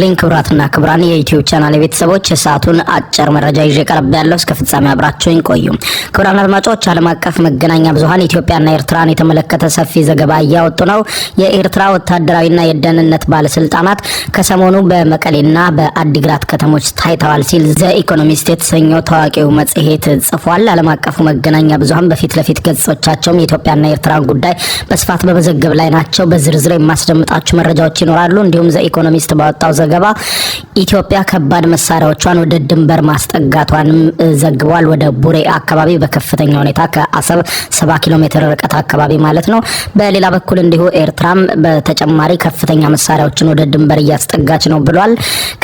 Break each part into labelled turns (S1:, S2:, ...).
S1: ሊን ክብራትና ክብራን የዩቲዩብ ቻናል የቤተሰቦች የሰዓቱን አጭር መረጃ ይዤ ቀረብ ያለው እስከ ፍጻሜ አብራችሁኝ ቆዩ። ክብራን አድማጮች፣ ዓለም አቀፍ መገናኛ ብዙሀን ኢትዮጵያና ኤርትራን የተመለከተ ሰፊ ዘገባ እያወጡ ነው። የኤርትራ ወታደራዊና የደህንነት ባለስልጣናት ከሰሞኑ በመቀሌና በአዲግራት ከተሞች ታይተዋል ሲል ዘኢኮኖሚስት የተሰኘው ታዋቂው መጽሔት ጽፏል። ዓለም አቀፉ መገናኛ ብዙሀን በፊት ለፊት ገጾቻቸውም የኢትዮጵያና ኤርትራን ጉዳይ በስፋት በመዘገብ ላይ ናቸው። በዝርዝር የማስደምጣችሁ መረጃዎች ይኖራሉ። እንዲሁም ዘኢኮኖሚስት ባወጣው ዘገባ ኢትዮጵያ ከባድ መሳሪያዎቿን ወደ ድንበር ማስጠጋቷንም ዘግቧል። ወደ ቡሬ አካባቢ በከፍተኛ ሁኔታ ከአሰብ ሰባ ኪሎ ሜትር ርቀት አካባቢ ማለት ነው። በሌላ በኩል እንዲሁ ኤርትራም በተጨማሪ ከፍተኛ መሳሪያዎችን ወደ ድንበር እያስጠጋች ነው ብሏል።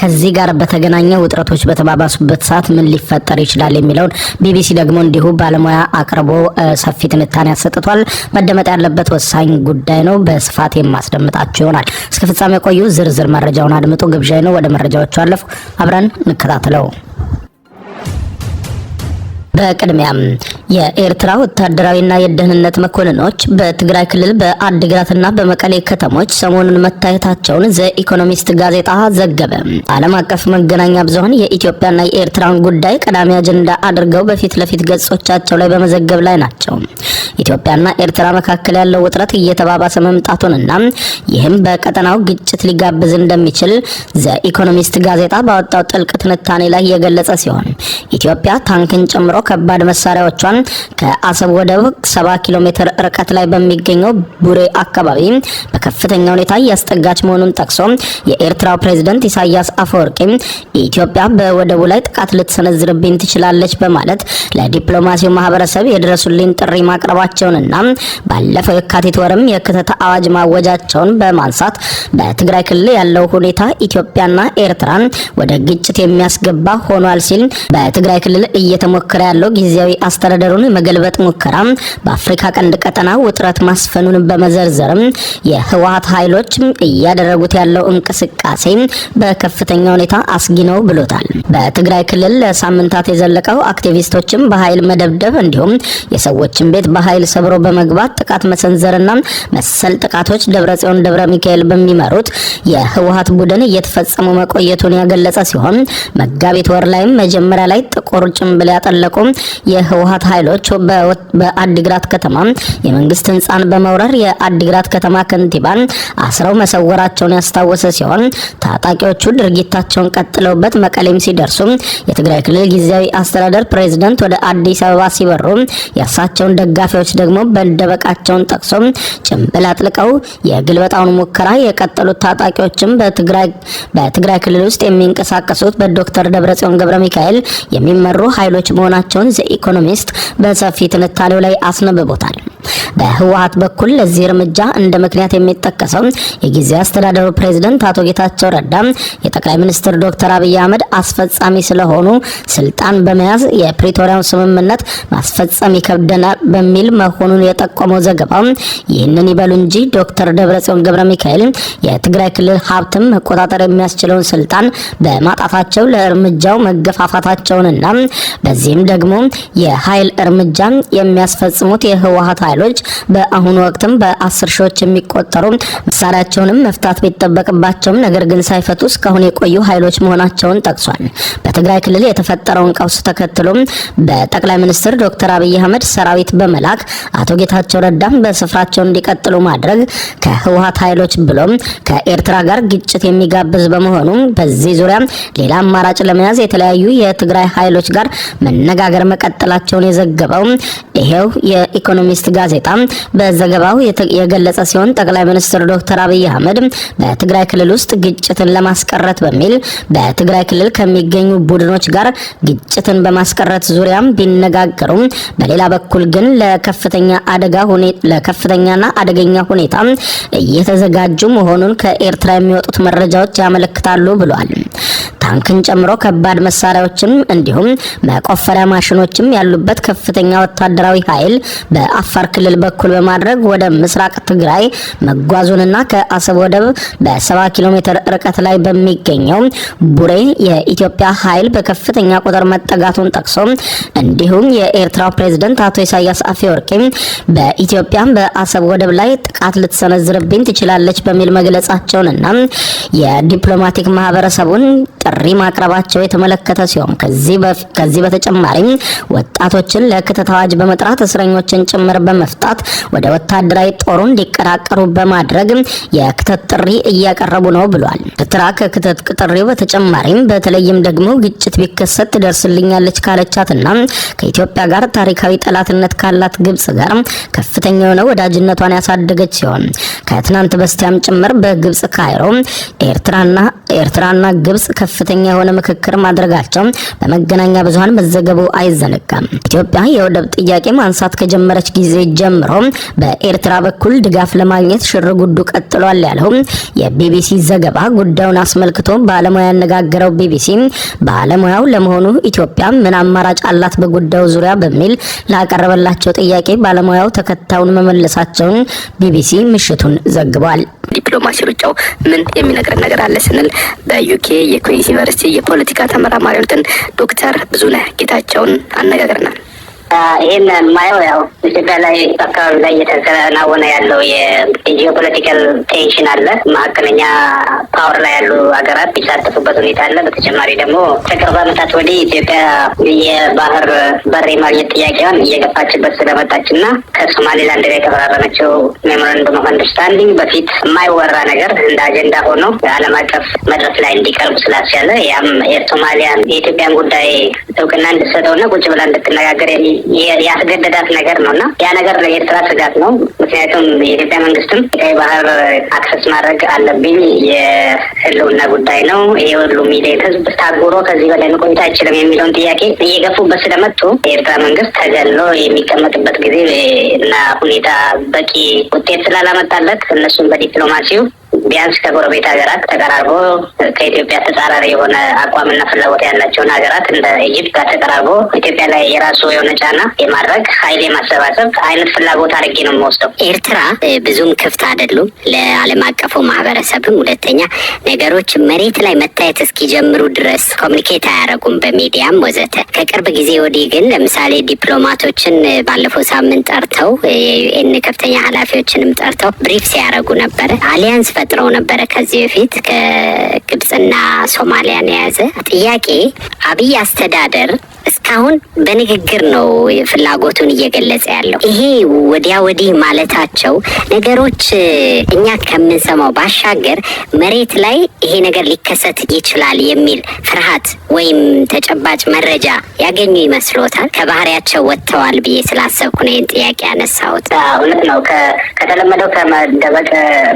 S1: ከዚህ ጋር በተገናኘ ውጥረቶች በተባባሱበት ሰዓት ምን ሊፈጠር ይችላል የሚለውን ቢቢሲ ደግሞ እንዲሁ ባለሙያ አቅርቦ ሰፊ ትንታኔ አሰጥቷል። መደመጥ ያለበት ወሳኝ ጉዳይ ነው። በስፋት የማስደምጣቸው ይሆናል። እስከ ፍጻሜ ቆዩ። ዝርዝር መረጃውን አድምጡ። ግብዣ ነው። ወደ መረጃዎቹ አለፉ። አብረን እንከታተለው። በቅድሚያም የኤርትራ ወታደራዊና የደህንነት መኮንኖች በትግራይ ክልል በአድግራትና በመቀሌ ከተሞች ሰሞኑን መታየታቸውን ዘ ኢኮኖሚስት ጋዜጣ ዘገበ። ዓለም አቀፍ መገናኛ ብዙኃን የኢትዮጵያና የኤርትራን ጉዳይ ቀዳሚ አጀንዳ አድርገው በፊት ለፊት ገጾቻቸው ላይ በመዘገብ ላይ ናቸው። ኢትዮጵያና ኤርትራ መካከል ያለው ውጥረት እየተባባሰ መምጣቱንና ይህም በቀጠናው ግጭት ሊጋብዝ እንደሚችል ዘ ኢኮኖሚስት ጋዜጣ ባወጣው ጥልቅ ትንታኔ ላይ የገለጸ ሲሆን ኢትዮጵያ ታንክን ጨምሮ ከባድ መሳሪያዎቿን ከአሰብ ወደብ 70 ኪሎ ሜትር ርቀት ላይ በሚገኘው ቡሬ አካባቢ በከፍተኛ ሁኔታ እያስጠጋች መሆኑን ጠቅሶ የኤርትራው ፕሬዝደንት ኢሳያስ አፈወርቂ ኢትዮጵያ በወደቡ ላይ ጥቃት ልትሰነዝርብኝ ትችላለች በማለት ለዲፕሎማሲው ማህበረሰብ የድረሱልኝ ጥሪ ማቅረባቸውንና ባለፈው የካቲት ወርም የክተት አዋጅ ማወጃቸውን በማንሳት በትግራይ ክልል ያለው ሁኔታ ኢትዮጵያና ኤርትራን ወደ ግጭት የሚያስገባ ሆኗል ሲል በትግራይ ክልል እየተሞከረ ያለው ጊዜያዊ አስተዳደሩን መገልበጥ ሙከራ በአፍሪካ ቀንድ ቀጠና ውጥረት ማስፈኑን በመዘርዘርም የህወሀት ኃይሎች እያደረጉት ያለው እንቅስቃሴ በከፍተኛ ሁኔታ አስጊ ነው ብሎታል። በትግራይ ክልል ለሳምንታት የዘለቀው አክቲቪስቶችን በኃይል መደብደብ እንዲሁም የሰዎችን ቤት በኃይል ሰብሮ በመግባት ጥቃት መሰንዘርና መሰል ጥቃቶች ደብረጽዮን ደብረ ሚካኤል በሚመሩት የህወሀት ቡድን እየተፈጸሙ መቆየቱን ያገለጸ ሲሆን መጋቢት ወር ላይም መጀመሪያ ላይ ጥቁር ጭንብል ያጠለቁ ሲያቆም የህወሀት ኃይሎች በአዲግራት ከተማ የመንግስት ህንፃን በመውረር የአዲግራት ከተማ ከንቲባን አስረው መሰወራቸውን ያስታወሰ ሲሆን ታጣቂዎቹ ድርጊታቸውን ቀጥለውበት መቀሌም ሲደርሱ የትግራይ ክልል ጊዜያዊ አስተዳደር ፕሬዝደንት ወደ አዲስ አበባ ሲበሩ የእርሳቸውን ደጋፊዎች ደግሞ በደበቃቸውን ጠቅሶ ጭምብል አጥልቀው የግልበጣውን ሙከራ የቀጠሉት ታጣቂዎችም በትግራይ ክልል ውስጥ የሚንቀሳቀሱት በዶክተር ደብረጽዮን ገብረ ሚካኤል የሚመሩ ኃይሎች መሆናቸው መሆናቸውን ዘኢኮኖሚስት በሰፊ ትንታኔው ላይ አስነብቦታል። በህወሀት በኩል ለዚህ እርምጃ እንደ ምክንያት የሚጠቀሰው የጊዜ አስተዳደሩ ፕሬዝደንት አቶ ጌታቸው ረዳ የጠቅላይ ሚኒስትር ዶክተር አብይ አህመድ አስፈጻሚ ስለሆኑ ስልጣን በመያዝ የፕሪቶሪያውን ስምምነት ማስፈጸም ይከብደናል በሚል መሆኑን የጠቆመው ዘገባው ይህንን ይበሉ እንጂ ዶክተር ደብረጽዮን ገብረ ሚካኤል የትግራይ ክልል ሀብትም መቆጣጠር የሚያስችለውን ስልጣን በማጣታቸው ለእርምጃው መገፋፋታቸውንና በዚህም ደግሞ የኃይል እርምጃ የሚያስፈጽሙት የህወሀት ኃይሎች በአሁኑ ወቅትም በአስር ሺዎች የሚቆጠሩ መሳሪያቸውንም መፍታት ቢጠበቅባቸውም ነገር ግን ሳይፈቱ እስካሁን የቆዩ ኃይሎች መሆናቸውን ጠቅሷል። በትግራይ ክልል የተፈጠረውን ቀውስ ተከትሎ በጠቅላይ ሚኒስትር ዶክተር አብይ አህመድ ሰራዊት በመላክ አቶ ጌታቸው ረዳም በስፍራቸው እንዲቀጥሉ ማድረግ ከህወሀት ኃይሎች ብሎም ከኤርትራ ጋር ግጭት የሚጋብዝ በመሆኑ በዚህ ዙሪያ ሌላ አማራጭ ለመያዝ የተለያዩ የትግራይ ኃይሎች ጋር መነጋገር መነጋገር መቀጠላቸውን የዘገበው ይሄው የኢኮኖሚስት ጋዜጣ በዘገባው የገለጸ ሲሆን ጠቅላይ ሚኒስትር ዶክተር አብይ አህመድ በትግራይ ክልል ውስጥ ግጭትን ለማስቀረት በሚል በትግራይ ክልል ከሚገኙ ቡድኖች ጋር ግጭትን በማስቀረት ዙሪያም ቢነጋገሩም በሌላ በኩል ግን ለከፍተኛ አደጋ ለከፍተኛና አደገኛ ሁኔታ እየተዘጋጁ መሆኑን ከኤርትራ የሚወጡት መረጃዎች ያመለክታሉ ብሏል። ታንክን ጨምሮ ከባድ መሳሪያዎችም እንዲሁም መቆፈሪያ ማሽኖችም ያሉበት ከፍተኛ ወታደራዊ ኃይል በአፋር ክልል በኩል በማድረግ ወደ ምስራቅ ትግራይ መጓዙንና ከአሰብ ወደብ በሰባ ኪሎ ሜትር ርቀት ላይ በሚገኘው ቡሬ የኢትዮጵያ ኃይል በከፍተኛ ቁጥር መጠጋቱን ጠቅሶ እንዲሁም የኤርትራው ፕሬዝደንት አቶ ኢሳያስ አፈወርቂ በኢትዮጵያ በአሰብ ወደብ ላይ ጥቃት ልትሰነዝርብኝ ትችላለች በሚል መግለጻቸውንና የዲፕሎማቲክ ማህበረሰቡን ጥሪ ማቅረባቸው የተመለከተ ሲሆን ከዚህ በተጨማሪም ወጣቶችን ለክተት አዋጅ በመጥራት እስረኞችን ጭምር በመፍታት ወደ ወታደራዊ ጦሩ እንዲቀራቀሩ በማድረግ የክተት ጥሪ እያቀረቡ ነው ብሏል። ኤርትራ ከክተት ጥሪው በተጨማሪም በተለይም ደግሞ ግጭት ቢከሰት ትደርስልኛለች ካለቻትና ከኢትዮጵያ ጋር ታሪካዊ ጠላትነት ካላት ግብጽ ጋር ከፍተኛ የሆነ ወዳጅነቷን ያሳደገች ሲሆን ከትናንት በስቲያም ጭምር በግብጽ ካይሮ ኤርትራና ኤርትራና ግብጽ ከፍተኛ የሆነ ምክክር ማድረጋቸው በመገናኛ ብዙሃን መዘገቡ አይዘነጋም። ኢትዮጵያ የወደብ ጥያቄ ማንሳት ከጀመረች ጊዜ ጀምሮ በኤርትራ በኩል ድጋፍ ለማግኘት ሽር ጉዱ ቀጥሏል ያለው የቢቢሲ ዘገባ ጉዳዩን አስመልክቶ ባለሙያ ያነጋገረው ቢቢሲ ባለሙያው ለመሆኑ ኢትዮጵያ ምን አማራጭ አላት በጉዳዩ ዙሪያ በሚል ላቀረበላቸው ጥያቄ ባለሙያው ተከታዩን መመለሳቸውን ቢቢሲ ምሽቱን ዘግቧል። ዲፕሎማሲ ሩጫው ምን የሚነግረን ነገር አለ ስንል በዩኬ የኩዊንስ ዩኒቨርሲቲ የፖለቲካ ተመራማሪዎትን ዶክተር ብዙነህ ጌታቸውን አነጋግረናል።
S2: ይህን የማየው ያው ኢትዮጵያ ላይ አካባቢ ላይ እየተከናወነ ያለው የጂኦፖለቲካል ቴንሽን አለ። መካከለኛ ፓወር ላይ ያሉ ሀገራት የሚሳተፉበት ሁኔታ አለ። በተጨማሪ ደግሞ ከቅርብ ዓመታት ወዲህ ኢትዮጵያ የባህር በር የማግኘት ጥያቄዋን እየገፋችበት ስለመጣች እና ከሶማሌላንድ ላይ የተፈራረመችው ሜሞራንዱም ኦፍ አንደርስታንዲንግ በፊት የማይወራ ነገር እንደ አጀንዳ ሆኖ ዓለም አቀፍ መድረክ ላይ እንዲቀርቡ ስላስቻለ ያም የሶማሊያን የኢትዮጵያን ጉዳይ እውቅና እንድትሰጠውና ቁጭ ብላ እንድትነጋገር የሚ ያስገደዳት ነገር ነው እና ያ ነገር ለኤርትራ ስጋት ነው። ምክንያቱም የኢትዮጵያ መንግስትም የቀይ ባህር አክሰስ ማድረግ አለብኝ የህልውና ጉዳይ ነው፣ ይሄ ሁሉ ሚሊዮን ህዝብ ታጉሮ ከዚህ በላይ መቆየት አይችልም የሚለውን ጥያቄ እየገፉበት ስለመጡ የኤርትራ መንግስት ተገሎ የሚቀመጥበት ጊዜ እና ሁኔታ በቂ ውጤት ስላላመጣለት እነሱም በዲፕሎማሲው ቢያንስ ከጎረቤት ሀገራት ተቀራርቦ ከኢትዮጵያ ተጻራሪ የሆነ አቋምና ፍላጎት ያላቸውን ሀገራት እንደ ኢጅፕት ጋር ተቀራርቦ ኢትዮጵያ ላይ የራሱ የሆነ ጫና የማድረግ ኃይል የማሰባሰብ አይነት ፍላጎት አድርጌ ነው የምወስደው። ኤርትራ ብዙም ክፍት አይደሉም ለዓለም አቀፉ ማህበረሰብም። ሁለተኛ ነገሮች መሬት ላይ መታየት እስኪጀምሩ ድረስ ኮሚኒኬት አያደረጉም በሚዲያም ወዘተ። ከቅርብ ጊዜ ወዲህ ግን ለምሳሌ ዲፕሎማቶችን ባለፈው ሳምንት ጠርተው የዩኤን ከፍተኛ ኃላፊዎችንም ጠርተው ብሪፍ ሲያደረጉ ነበረ አሊያንስ ፈጥ ተፈጥረው ነበረ ከዚህ በፊት ከግብፅና ሶማሊያን የያዘ ጥያቄ አብይ አስተዳደር እስካሁን በንግግር ነው ፍላጎቱን እየገለጸ ያለው። ይሄ ወዲያ ወዲህ ማለታቸው ነገሮች እኛ ከምንሰማው ባሻገር መሬት ላይ ይሄ ነገር ሊከሰት ይችላል የሚል ፍርሃት ወይም ተጨባጭ መረጃ ያገኙ ይመስሎታል? ከባህሪያቸው ወጥተዋል ብዬ ስላሰብኩ ነው ይህን ጥያቄ ያነሳሁት። እውነት ነው፣ ከተለመደው ከመደበቅ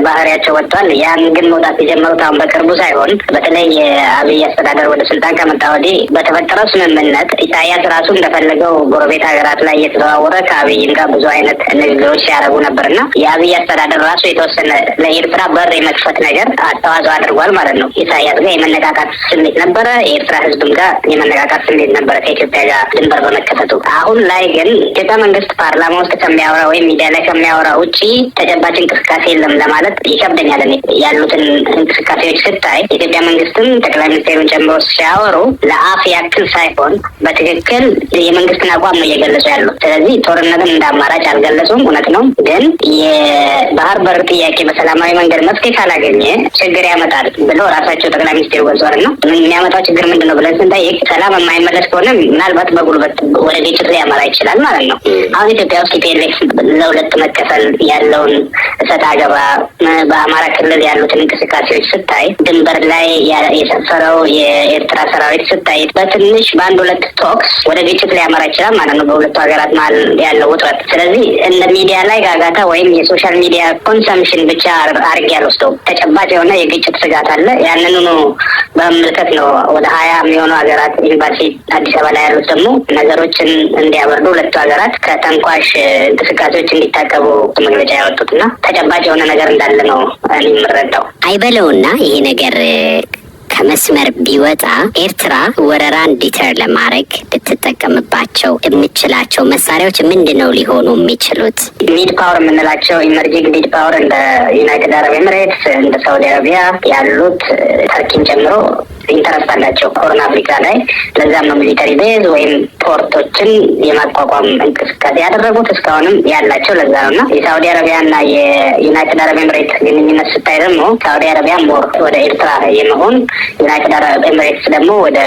S2: ባህሪያቸው ወጥቷል። ያን ግን መውጣት የጀመሩት አሁን በቅርቡ ሳይሆን በተለይ የአብይ አስተዳደር ወደ ስልጣን ከመጣ ወዲህ በተፈጠረው ስምምነት ኢሳያስ ራሱ እንደፈለገው ጎረቤት ሀገራት ላይ እየተዘዋወረ ከአብይም ጋር ብዙ አይነት ንግግሮች ሲያደርጉ ነበርና የአብይ አስተዳደር ራሱ የተወሰነ ለኤርትራ በር የመክፈት ነገር አስተዋጽኦ አድርጓል ማለት ነው። ኢሳያስ ጋር የመነቃቃት ስሜት ነበረ፣ የኤርትራ ህዝብም ጋር የመነቃቃት ስሜት ነበረ ከኢትዮጵያ ጋር ድንበር በመከፈቱ። አሁን ላይ ግን ኢትዮጵያ መንግስት ፓርላማ ውስጥ ከሚያወራ ወይም ሚዲያ ላይ ከሚያወራ ውጭ ተጨባጭ እንቅስቃሴ የለም ለማለት ይከብደኛል። ያሉትን እንቅስቃሴዎች ስታይ የኢትዮጵያ መንግስትም ጠቅላይ ሚኒስቴሩን ጨምሮ ሲያወሩ ለአፍ ያክል ሳይሆን በትክክል የመንግስትን አቋም ነው እየገለጹ ያሉ ስለዚህ ጦርነትን እንደ አማራጭ አልገለጹም። እውነት ነው፣ ግን የባህር በር ጥያቄ በሰላማዊ መንገድ መፍትሄ ካላገኘ ችግር ያመጣል ብለው ራሳቸው ጠቅላይ ሚኒስቴሩ ገልጿል። ነው የሚያመጣው ችግር ምንድን ነው ብለን ስንጠይቅ ሰላም የማይመለስ ከሆነ ምናልባት በጉልበት ወደ ግጭት ሊያመራ ይችላል ማለት ነው። አሁን ኢትዮጵያ ውስጥ ቲፒኤልኤፍ ለሁለት መከፈል ያለውን እሰጥ አገባ በአማራ ክልል ያሉትን እንቅስቃሴዎች ስታይ፣ ድንበር ላይ የሰፈረው የኤርትራ ሰራዊት ስታይ፣ በትንሽ በአንድ ሁለት ቶክስ ወደ ግጭት ሊያመራ ይችላል ማለት ነው በሁለቱ ሀገራት መሀል ያለው ውጥረት። ስለዚህ እንደ ሚዲያ ላይ ጋጋታ ወይም የሶሻል ሚዲያ ኮንሰምሽን ብቻ አርጌ ያልወስደው ተጨባጭ የሆነ የግጭት ስጋት አለ። ያንኑ በመመልከት ነው ወደ ሀያ የሚሆኑ ሀገራት ኤምባሲ አዲስ አበባ ላይ ያሉት ደግሞ ነገሮችን እንዲያበርዱ ሁለቱ ሀገራት ከተንኳሽ እንቅስቃሴዎች እንዲታቀቡ መግለጫ ያወጡት እና ተጨባጭ የሆነ ነገር እንዳለ ነው የምረዳው አይበለውና ይሄ ነገር ከመስመር ቢወጣ ኤርትራ ወረራን ዲተር ለማድረግ ልትጠቀምባቸው የምችላቸው መሳሪያዎች ምንድን ነው ሊሆኑ የሚችሉት? ሚድ ፓወር የምንላቸው ኢመርጂንግ ሚድ ፓወር እንደ ዩናይትድ አረብ ኤምሬትስ፣ እንደ ሳውዲ አረቢያ ያሉት ተርኪን ጨምሮ ኢንተረስት አላቸው ሆርን አፍሪካ ላይ። ለዛም ነው ሚሊተሪ ቤዝ ወይም ፖርቶችን የማቋቋም እንቅስቃሴ ያደረጉት እስካሁንም ያላቸው ለዛ ነው እና አረቢያ አረቢያና የዩናይትድ አረብ ኤምሬት ግንኙነት ስታይ ደግሞ ሳዑዲ አረቢያ ሞር ወደ ኤርትራ የመሆን ዩናይትድ አረብ ኤምሬትስ ደግሞ ወደ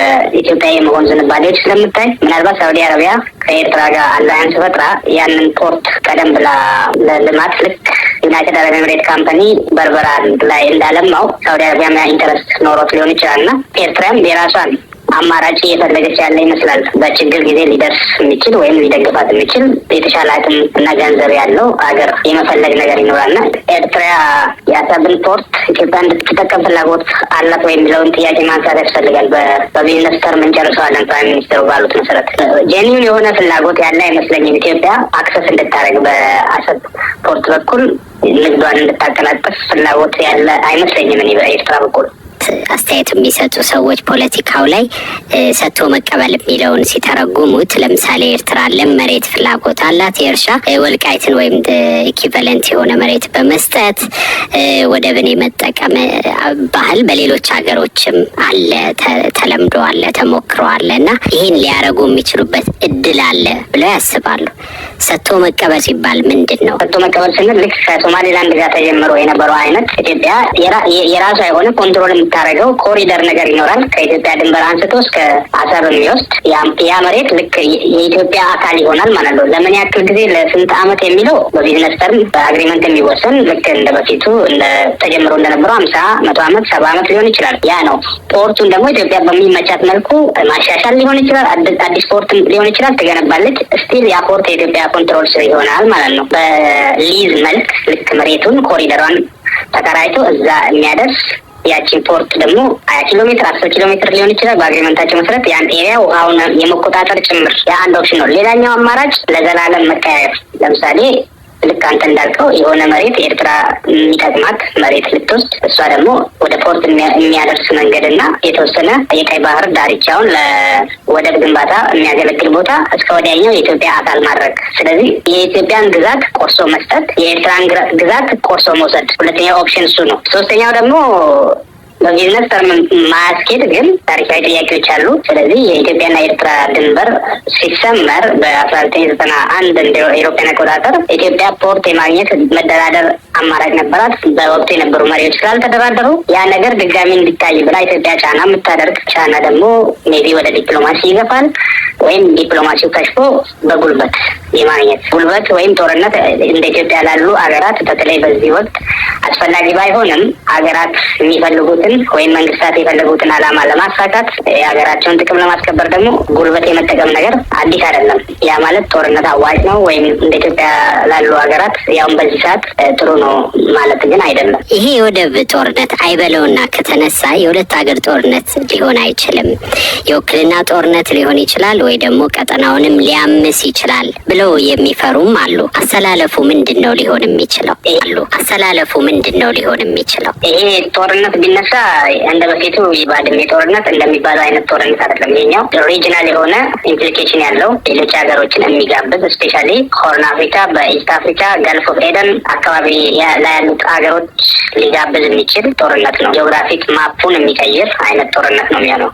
S2: ኢትዮጵያ የመሆን ዝንባሌዎች ስለምታይ ምናልባት ሳዑዲ አረቢያ ከኤርትራ ጋር አላያንስ ፈጥራ ያንን ፖርት ቀደም ብላ ለልማት ልክ ዩናይትድ አረብ ኤምሬት ካምፓኒ በርበራ ላይ እንዳለማው ሳውዲ አረቢያ ኢንተረስት ኖሮት ሊሆን ይችላል እና ኤርትራም የራሷን አማራጭ እየፈለገች ያለ ይመስላል። በችግር ጊዜ ሊደርስ የሚችል ወይም ሊደግፋት የሚችል የተሻለ አቅም እና ገንዘብ ያለው አገር የመፈለግ ነገር ይኖራልና ኤርትራ የአሰብን ፖርት ኢትዮጵያ እንድትጠቀም ፍላጎት አላት ወይም የሚለውን ጥያቄ ማንሳት ያስፈልጋል። በቢዝነስ ተርም እንጨርሰዋለን። ፕራይም ሚኒስትሩ ባሉት መሰረት ጄኒውን የሆነ ፍላጎት ያለ አይመስለኝም። ኢትዮጵያ አክሰስ እንድታደረግ በአሰብ ፖርት በኩል ንግዷን እንድታቀላጥፍ ፍላጎት ያለ አይመስለኝም እኔ በኤርትራ በኩል አስተያየት የሚሰጡ ሰዎች ፖለቲካው ላይ ሰጥቶ መቀበል የሚለውን ሲተረጉሙት ለምሳሌ ኤርትራ ለም መሬት ፍላጎት አላት የእርሻ ወልቃይትን ወይም ኢኪቨለንት የሆነ መሬት በመስጠት ወደብን የመጠቀም ባህል በሌሎች ሀገሮችም አለ፣ ተለምዶ አለ፣ ተሞክሮ አለ እና ይህን ሊያደርጉ የሚችሉበት እድል አለ ብለው ያስባሉ። ሰጥቶ መቀበል ሲባል ምንድን ነው? ሰጥቶ መቀበል ስንል ልክ ከሶማሌላንድ ጋር ተጀምሮ የነበረው አይነት ኢትዮጵያ የራሷ የሆነ ኮንትሮል የምታደርገው ኮሪደር ነገር ይኖራል። ከኢትዮጵያ ድንበር አንስቶ እስከ አሰብ የሚወስድ ያ መሬት ልክ የኢትዮጵያ አካል ይሆናል ማለት ነው። ለምን ያክል ጊዜ ለስንት ዓመት የሚለው በቢዝነስ ተርም በአግሪመንት የሚወሰን ልክ እንደ በፊቱ ተጀምሮ እንደነበረው አምሳ መቶ ዓመት ሰባ አመት ሊሆን ይችላል። ያ ነው። ፖርቱን ደግሞ ኢትዮጵያ በሚመቻት መልኩ ማሻሻል ሊሆን ይችላል። አዲስ ፖርት ሊሆን ይችላል ትገነባለች። ስቲል ያ ፖርት የኢትዮጵያ ኮንትሮል ስር ይሆናል ማለት ነው። በሊዝ መልክ ልክ መሬቱን ኮሪደሯን ተከራይቶ እዛ የሚያደርስ ያቺን ፖርት ደግሞ ሀያ ኪሎ ሜትር አስር ኪሎ ሜትር ሊሆን ይችላል። በአግሪመንታቸው መሰረት ያን ኤሪያ ውሃውን የመቆጣጠር ጭምር የአንድ ኦፕሽን ነው። ሌላኛው አማራጭ ለዘላለም መቀያየር፣ ለምሳሌ ልክ አንተ እንዳልከው የሆነ መሬት ኤርትራ የሚጠቅማት መሬት ልትወስድ እሷ ደግሞ ወደ ፖርት የሚያደርስ መንገድ እና የተወሰነ የቀይ ባህር ዳርቻውን ለወደብ ግንባታ የሚያገለግል ቦታ እስከ ወዲያኛው የኢትዮጵያ አካል ማድረግ። ስለዚህ የኢትዮጵያን ግዛት ቆርሶ መስጠት፣ የኤርትራን ግዛት ቆርሶ መውሰድ። ሁለተኛው ኦፕሽን እሱ ነው። ሶስተኛው ደግሞ በቢዝነስ ፐርመንት ማስኬድ ግን ታሪካዊ ጥያቄዎች አሉ። ስለዚህ የኢትዮጵያና ኤርትራ ድንበር ሲሰመር በአስራ ዘጠኝ ዘጠና አንድ እንደ አውሮፓውያን አቆጣጠር ኢትዮጵያ ፖርት የማግኘት መደራደር አማራጭ ነበራት። በወቅቱ የነበሩ መሪዎች ስላልተደራደሩ ያ ነገር ድጋሚ እንዲታይ ብላ ኢትዮጵያ ጫና የምታደርግ ቻና ደግሞ ሜቢ ወደ ዲፕሎማሲ ይገፋል ወይም ዲፕሎማሲው ከሽፎ በጉልበት የማግኘት ጉልበት ወይም ጦርነት እንደ ኢትዮጵያ ላሉ ሀገራት በተለይ በዚህ ወቅት አስፈላጊ ባይሆንም ሀገራት የሚፈልጉትን ወይም መንግስታት የፈለጉትን ዓላማ ለማሳካት የሀገራቸውን ጥቅም ለማስከበር ደግሞ ጉልበት የመጠቀም ነገር አዲስ አይደለም። ያ ማለት ጦርነት አዋጭ ነው ወይም እንደ ኢትዮጵያ ላሉ ሀገራት ያውም በዚህ ሰዓት ጥሩ ነው ነው ማለት ግን አይደለም። ይሄ የወደብ ጦርነት አይበለውና ከተነሳ የሁለት ሀገር ጦርነት ሊሆን አይችልም። የውክልና ጦርነት ሊሆን ይችላል ወይ ደግሞ ቀጠናውንም ሊያምስ ይችላል ብለው የሚፈሩም አሉ። አሰላለፉ ምንድን ነው ሊሆን የሚችለው አሉ። አሰላለፉ ምንድን ነው ሊሆን የሚችለው? ይሄ ጦርነት ቢነሳ እንደ በፊቱ ባድሜ ጦርነት እንደሚባለው አይነት ጦርነት አይደለም። ይኛው ሪጅናል የሆነ ኢምፕሊኬሽን ያለው ሌሎች ሀገሮችን የሚጋብዝ ስፔሻሊ ሆርን አፍሪካ፣ በኢስት አፍሪካ፣ ገልፍ ኦፍ ኤደን አካባቢ ለያሉት ሀገሮች ሊጋብዝ የሚችል ጦርነት ነው። ጂኦግራፊክ ማፑን የሚቀይር አይነት ጦርነት ነው የሚሆነው።